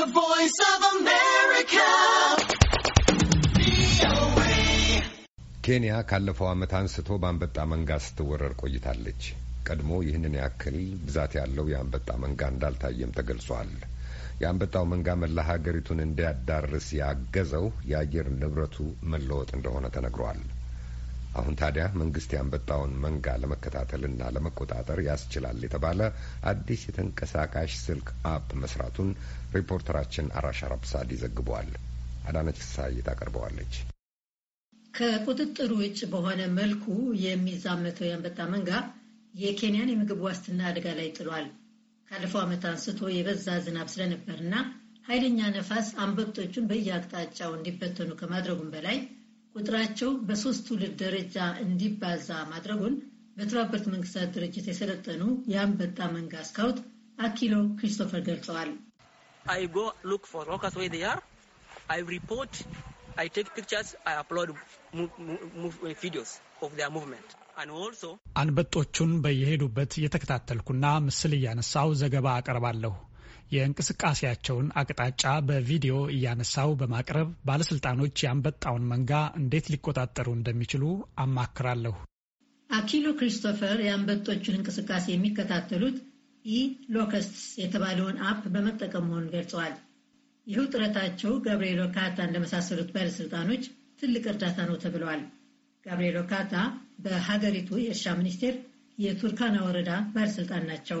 The Voice of America. ኬንያ ካለፈው ዓመት አንስቶ በአንበጣ መንጋ ስትወረር ቆይታለች። ቀድሞ ይህንን ያክል ብዛት ያለው የአንበጣ መንጋ እንዳልታየም ተገልጿል። የአንበጣው መንጋ መላ ሀገሪቱን እንዲያዳርስ ያገዘው የአየር ንብረቱ መለወጥ እንደሆነ ተነግሯል። አሁን ታዲያ መንግስት ያንበጣውን መንጋ ለመከታተልና ለመቆጣጠር ያስችላል የተባለ አዲስ የተንቀሳቃሽ ስልክ አፕ መስራቱን ሪፖርተራችን አራሽ አራብሳዲ ይዘግበዋል። አዳነች ፍስሐዬ ታቀርበዋለች። ከቁጥጥር ውጭ በሆነ መልኩ የሚዛመተው የአንበጣ መንጋ የኬንያን የምግብ ዋስትና አደጋ ላይ ጥሏል። ካለፈው ዓመት አንስቶ የበዛ ዝናብ ስለነበርና ኃይለኛ ነፋስ አንበጦቹን በየአቅጣጫው እንዲበተኑ ከማድረጉም በላይ ቁጥራቸው በሶስት ትውልድ ደረጃ እንዲባዛ ማድረጉን በተባበሩት መንግስታት ድርጅት የሰለጠኑ የአንበጣ መንጋ ስካውት አኪሎ ክሪስቶፈር ገልጸዋል። አንበጦቹን በየሄዱበት እየተከታተልኩና ምስል እያነሳው ዘገባ አቀርባለሁ። የእንቅስቃሴያቸውን አቅጣጫ በቪዲዮ እያነሳው በማቅረብ ባለስልጣኖች የአንበጣውን መንጋ እንዴት ሊቆጣጠሩ እንደሚችሉ አማክራለሁ። አኪሎ ክሪስቶፈር የአንበጦቹን እንቅስቃሴ የሚከታተሉት ኢሎከስትስ የተባለውን አፕ በመጠቀም መሆኑን ገልጸዋል። ይህ ጥረታቸው ጋብርኤል ኦካታ እንደመሳሰሉት ባለስልጣኖች ትልቅ እርዳታ ነው ተብለዋል። ጋብርኤል ኦካታ በሀገሪቱ የእርሻ ሚኒስቴር የቱርካና ወረዳ ባለስልጣን ናቸው።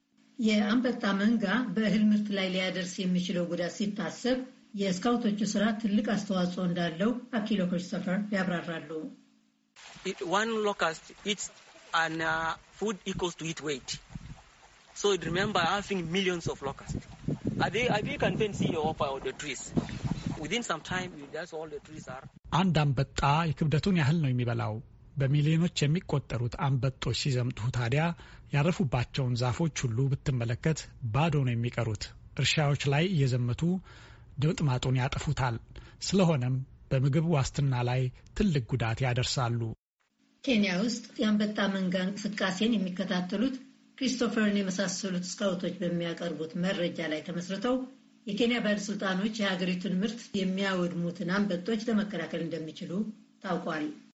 የአንበጣ መንጋ በእህል ምርት ላይ ሊያደርስ የሚችለው ጉዳት ሲታሰብ የስካውቶቹ ስራ ትልቅ አስተዋጽኦ እንዳለው አኪሎ ክሪስቶፈር ያብራራሉ። አንድ አንበጣ የክብደቱን ያህል ነው የሚበላው። በሚሊዮኖች የሚቆጠሩት አንበጦች ሲዘምቱ ታዲያ ያረፉባቸውን ዛፎች ሁሉ ብትመለከት ባዶ ነው የሚቀሩት። እርሻዎች ላይ እየዘመቱ ድምጥማጡን ያጠፉታል። ስለሆነም በምግብ ዋስትና ላይ ትልቅ ጉዳት ያደርሳሉ። ኬንያ ውስጥ የአንበጣ መንጋ እንቅስቃሴን የሚከታተሉት ክሪስቶፈርን የመሳሰሉት ስካውቶች በሚያቀርቡት መረጃ ላይ ተመስርተው የኬንያ ባለሥልጣኖች የሀገሪቱን ምርት የሚያወድሙትን አንበጦች ለመከላከል እንደሚችሉ ታውቋል።